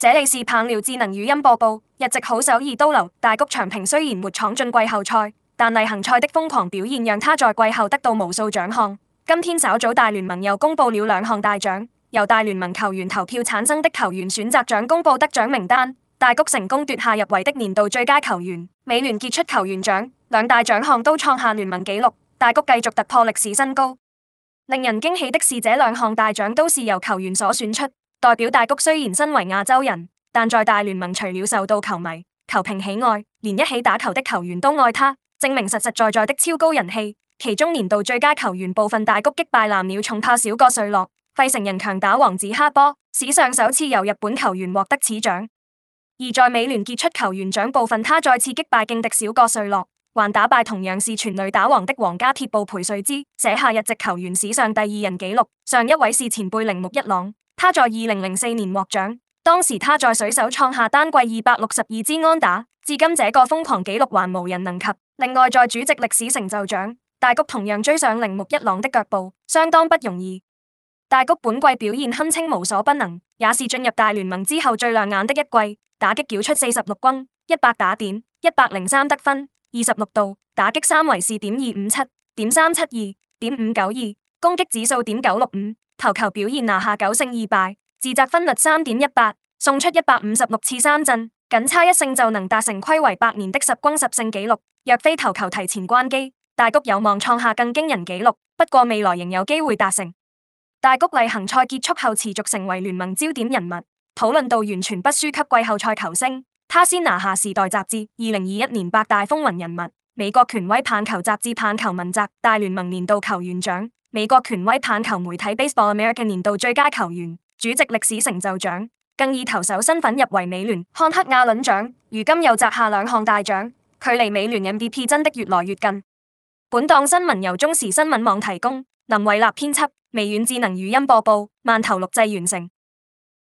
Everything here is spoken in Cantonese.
這裏是棒聊智能語音播報。日籍好手二刀流大谷翔平雖然沒闖進季後賽，但例行賽的瘋狂表現讓他在季後得到無數獎項。今天稍早大聯盟又公布了兩項大獎，由大聯盟球員投票產生的球員選擇獎公布得獎名單，大谷成功奪下入圍的年度最佳球員、美聯傑出球員獎，兩大獎項都創下聯盟紀錄，大谷繼續突破歷史新高。令人驚喜的是，這兩項大獎都是由球員所選出。代表大谷雖然身為亞洲人，但在大聯盟除了受到球迷、球評喜愛，連一起打球的球員都愛他，證明實實在在的超高人氣。其中年度最佳球員部分，大谷擊敗藍鳥重炮小個瑞諾，費城人強打王子哈波，史上首次由日本球員獲得此獎。而在美聯傑出球員獎部分，他再次擊敗勁敵小個瑞諾，還打敗同樣是全壘打王的皇家鐵布培瑞茲，寫下日籍球員史上第二人紀錄，上一位是前輩鈴木一朗。他在二零零四年獲獎，當時他在水手創下單季二百六十二支安打，至今這個瘋狂紀錄還無人能及。另外，在主席歷史成就獎，大谷同樣追上鈴木一朗的腳步，相當不容易。大谷本季表現堪稱無所不能，也是進入大聯盟之後最亮眼的一季，打擊繳出四十六轟、一百打點、一百零三得分、二十六度，打擊三圍是點二五七、點三七二、點五九二。攻擊指數點九六五，投球表現拿下九勝二敗，自責分率三點一八，送出一百五十六次三振，僅差一勝就能達成睽違百年的十攻十勝紀錄。若非投球提前關機，大谷有望創下更驚人紀錄。不過未來仍有機會達成。大谷例行賽結束後，持續成為聯盟焦點人物，討論度完全不輸給季後賽球星。他先拿下《時代》雜誌二零二一年百大風雲人物，美國權威棒球雜誌《棒球文摘》大聯盟年度球員獎。美國權威棒球媒體 Baseball America 年度最佳球員、主席歷史成就獎，更以投手身份入圍美聯漢克亞倫獎，如今又摘下兩項大獎，距離美聯 MVP 真的越來越近。本檔新聞由中時新聞網提供，林偉立編輯，微軟智能語音播報，慢頭錄製完成。